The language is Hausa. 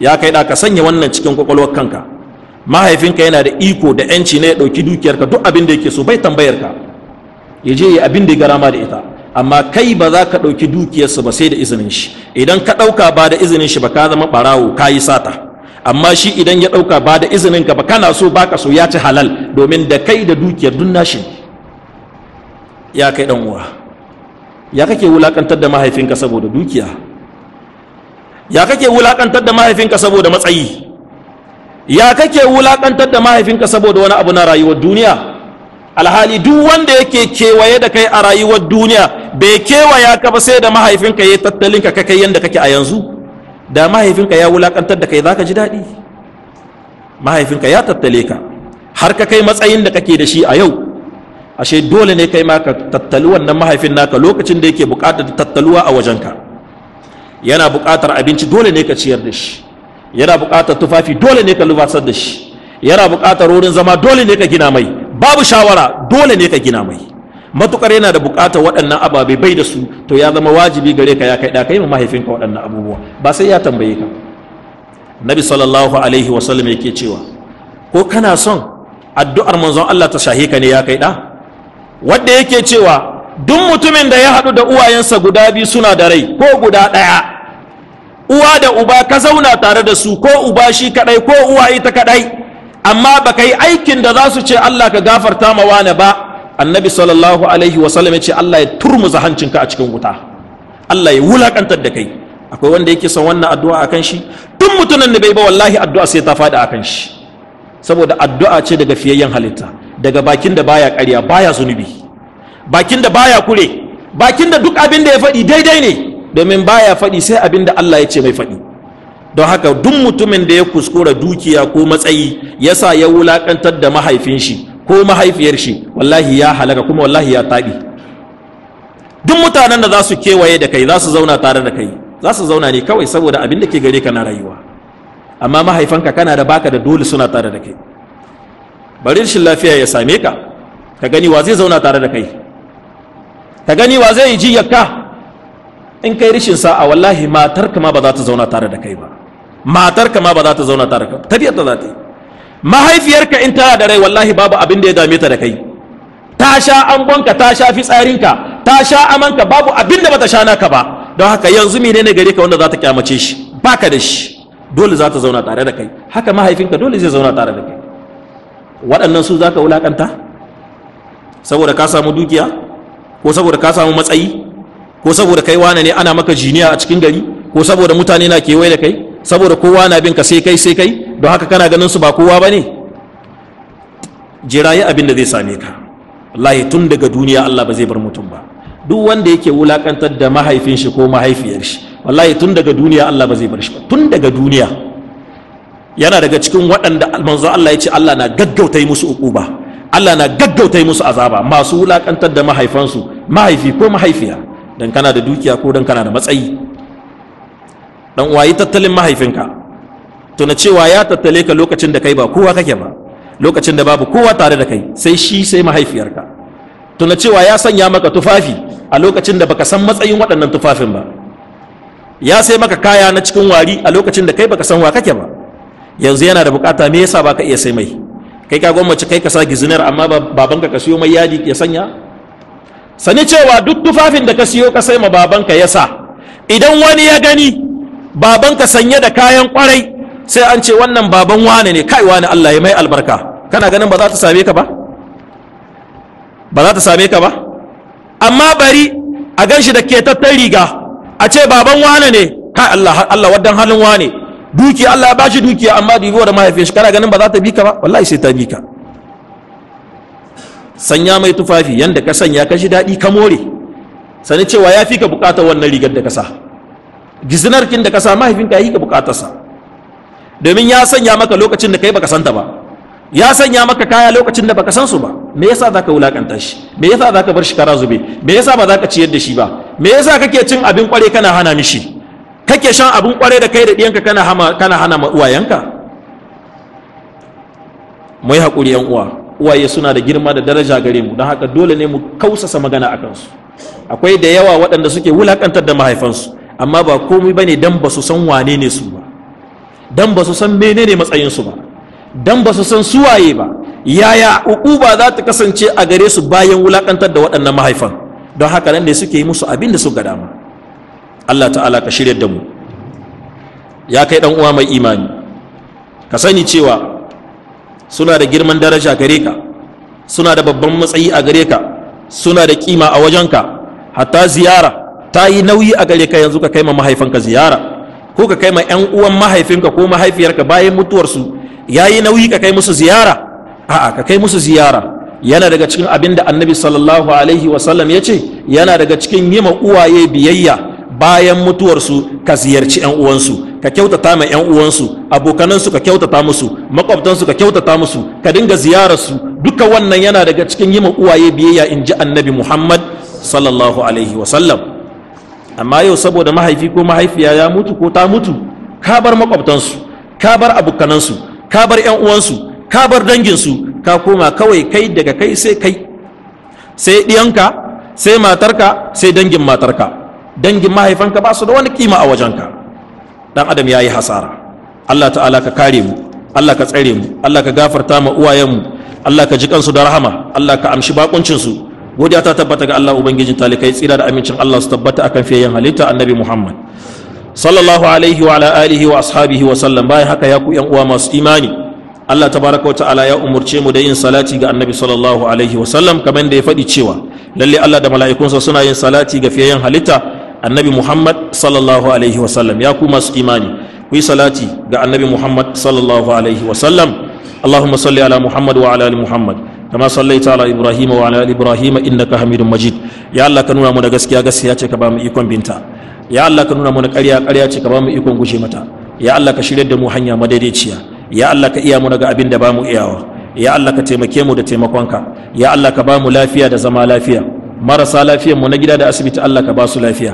ya kai da ka sanya wannan cikin kwakwalwar kanka mahaifinka yana da iko da yanci na ya ɗauki dukiyarka duk abin da yake so bai tambayar ka ya je ya abin da ya garama da ita amma kai ba za ka ɗauki dukiyarsa ba sai da izinin shi idan ka ɗauka ba da izinin shi ba ka zama barawo ka yi sata amma shi idan ya ɗauka ba da izinin ka ba kana so ba ka so ya ci halal domin da kai da dukiyar dun nashi ya kai ɗan uwa ya kake wulakantar da mahaifinka saboda dukiya ya kake wulakantar da mahaifinka saboda matsayi ya kake wulakantar da mahaifinka saboda wani abu na rayuwar duniya alhali duk wanda yake kewaye da kai a rayuwar duniya bai kewaya ka ba sai da mahaifinka ya tattalin ka kai yadda kake a yanzu da mahaifinka ya wulakantar da kai ka ji daɗi mahaifinka ya tattale ka har ka kai matsayin da kake da shi a yau ashe dole ne kai ma ka tattali wannan mahaifin naka lokacin da yake buƙatar tattaluwa a wajenka yana buƙatar abinci dole ne ka ciyar da shi yana buƙatar tufafi dole ne ka lubasar da shi yana buƙatar wurin zama dole ne ka gina mai babu shawara dole ne ka gina mai matukar yana da buƙatar waɗannan ababe bai da su to ya zama wajibi gare ka ya kai da kai ma mahaifinka waɗannan abubuwa ba sai ya tambaye ka nabi sallallahu alaihi wa sallam yake cewa ko kana son addu'ar manzon Allah ta shahe ka ne ya kai da wanda yake cewa duk mutumin da ya haɗu da uwayensa guda biyu suna da rai ko guda ɗaya uwa da uba ka zauna tare da su ko uba shi kadai ko uwa ita kadai amma baka yi aikin da za su ce Allah ka gafarta ma wane ba annabi sallallahu alaihi wa ya ce Allah ya turmuza hancinka a cikin wuta Allah ya wulakantar da kai akwai wanda yake son wannan addu'a akan shi tun mutunan da bai ba wallahi addu'a sai ta faɗi akan shi saboda addu'a ce daga fiyayyen halitta daga bakin da baya ƙarya baya zunubi bakin da baya kure bakin da duk abin da ya faɗi daidai ne domin baya faɗi sai abin da Allah ya ce mai faɗi don haka duk mutumin da ya kuskura dukiya ko matsayi ya sa ya wulakantar da mahaifin shi ko mahaifiyar shi wallahi ya halaka kuma wallahi ya taɓi duk mutanen da za su kewaye da kai za su zauna tare da kai za su zauna ne kawai saboda abin da ke gare ka na rayuwa amma mahaifanka kana da baka da dole suna tare da kai bari shi lafiya ya same ka ka gani wa zai zauna tare da kai ka gani wa zai yi jiyarka in kai rishin sa'a wallahi matar ma ba za ta zauna tare da kai ba matar ma ba za ta zauna tare da kai tafiyar da za ta yi mahaifiyarka in tana da rai wallahi babu abin da ya dame ta da kai ta sha angonka ta sha fitsarinka ta sha amanka babu abin da bata sha naka ba don haka yanzu ne gare ka wanda za ta kyamace shi baka da shi dole za ta zauna tare da kai haka mahaifinka dole zai zauna tare da kai waɗannan su za ka wulaƙanta saboda ka samu dukiya ko saboda ka samu matsayi ko saboda kai wane ne ana maka jiniya a cikin gari ko saboda mutane na kewaye da kai saboda kowa na bin ka sai kai sai kai don haka kana ganin su ba kowa ba ne jirayi abin da zai same ka wallahi tun daga duniya Allah ba zai bar mutum ba duk wanda yake wulakantar da mahaifin shi ko mahaifiyar shi wallahi tun daga duniya Allah ba zai bar shi ba tun daga duniya yana daga cikin waɗanda manzo Allah ya ce Allah na gaggauta musu uquba Allah na gaggauta musu azaba masu wulakantar da mahaifansu mahaifi ko mahaifiya dan kana da dukiya ko dan kana da matsayi dan uwa tattalin mahaifinka tuna cewa ya tattale ka lokacin da kai ba kowa kake ba lokacin da babu kowa tare da kai sai shi sai mahaifiyarka tuna cewa ya sanya maka tufafi a lokacin da baka san matsayin waɗannan tufafin ba ya sai maka kaya na cikin wari a lokacin da kai baka san wa kake ba yanzu yana da bukata me yasa baka iya sai mai kai ka gwammace kai ka sa gizinar amma babanka ka siyo mai yadi ya sanya sani cewa duk tufafin da ka siyo ka sai ma babanka ya sa idan wani ya gani babanka sanye da kayan kwarai sai an ce wannan baban wane ne kai wane Allah ya mai albarka kana ganin ba za ta same ka ba ba za ta same ka ba amma bari a gan shi da ketattar riga a ce baban wane ne kai Allah Allah wadan halin wane dukiya Allah ya bashi dukiya amma dubiwa da mahaifin shi kana ganin ba za ta bi ka ba wallahi sai ta bi ka sanya mai tufafi yanda ka sanya ka shi daɗi ka more sani cewa ya fi ka buƙatar wannan rigar da ka sa gizinarkin da ka sa mahaifinka ya yi ka bukatarsa domin ya sanya maka lokacin da kai baka santa ba ya sanya maka kaya lokacin da baka san su ba me yasa zaka wulakanta shi me yasa zaka bar shi kara zube me yasa ba zaka ciyar da shi ba me yasa kake cin abin kware kana hana mishi kake shan abin kware da kai da diyanka kana hana kana hana ma uwayenka mu yi hakuri yan uwa uwaye suna da girma da daraja gare mu don haka dole ne mu kausasa magana a kansu akwai da yawa waɗanda suke wulakantar da mahaifansu amma ba komai bane dan ba su san wane ne su ba dan ba su san menene matsayin su ba dan ba su san suwaye ba yaya uquba za ta kasance a gare su bayan wulakantar da waɗannan mahaifan don haka nan ne suke yi musu abin da su ga dama Allah ta'ala ka shirya da mu ya kai dan uwa mai imani ka sani cewa suna da girman daraja gare ka suna da babban matsayi a gare ka suna da kima a wajen ka? hatta ziyara ta yi nauyi a gare ka yanzu ka kai ma mahaifinka ziyara ko ka kai ma yan uwan mahaifinka ko mahaifiyarka bayan mutuwarsu ya yi nauyi ka kai musu ziyara a'a ka kai musu ziyara yana daga cikin abin da annabi sallallahu alaihi wasallam ya ce yana daga cikin yima uwaye biyayya bayan mutuwarsu ka ziyarci yan uwansu ka kyautata ma yan uwansu abokanansu ka kyautata musu makwabtansu ka kyautata musu ka dinga ziyararsu duka wannan yana daga cikin yi uwaye biyayya in ji annabi muhammad sallallahu alaihi wasallam amma yau saboda mahaifi ko mahaifiya ya mutu ko ta mutu ka bar makwabtansu ka bar abokanansu ka bar yan uwansu ka bar danginsu ka koma kawai kai daga kai sai kai sai ɗiyanka sai matarka sai dangin matarka dangin mahaifanka ba su da wani kima a wajenka dan adam yayi hasara Allah ta'ala ka kare mu Allah ka tsare mu Allah ka gafarta ma uwayenmu Allah ka ji kansu da rahama Allah ka amshi bakuncin su godiya ta tabbata ga Allah ubangijin talikai tsira da amincin Allah su tabbata akan fiyayen halitta annabi Muhammad sallallahu alaihi wa ala alihi wa ashabihi wa sallam bayan haka ya ku yan uwa masu imani Allah tabaraka wa ta'ala ya umurce mu da yin salati ga annabi sallallahu alaihi wa sallam kamar da ya faɗi cewa lalle Allah da mala'ikunsa suna yin salati ga fiyayen halitta annabi muhammad sallallahu alaihi wasallam ya kuma su imani ku yi salati ga annabi muhammad sallallahu alaihi wasallam allahumma salli ala muhammad wa ala muhammad kama sallai ta ala ibrahim wa ala ibrahim inda ka hamidun majid ya allah ka nuna mu da gaskiya gaskiya ce ka ba mu ikon binta ya allah ka nuna mu da ƙarya ƙarya ce ka ba mu ikon guje mata ya allah ka shirya da mu hanya madaidaiciya ya allah ka iya mu daga abin da ba mu iyawa ya Allah ka taimake mu da taimakonka ya Allah ka ba mu lafiya da zama lafiya marasa lafiyan mu na gida da asibiti Allah ka ba su lafiya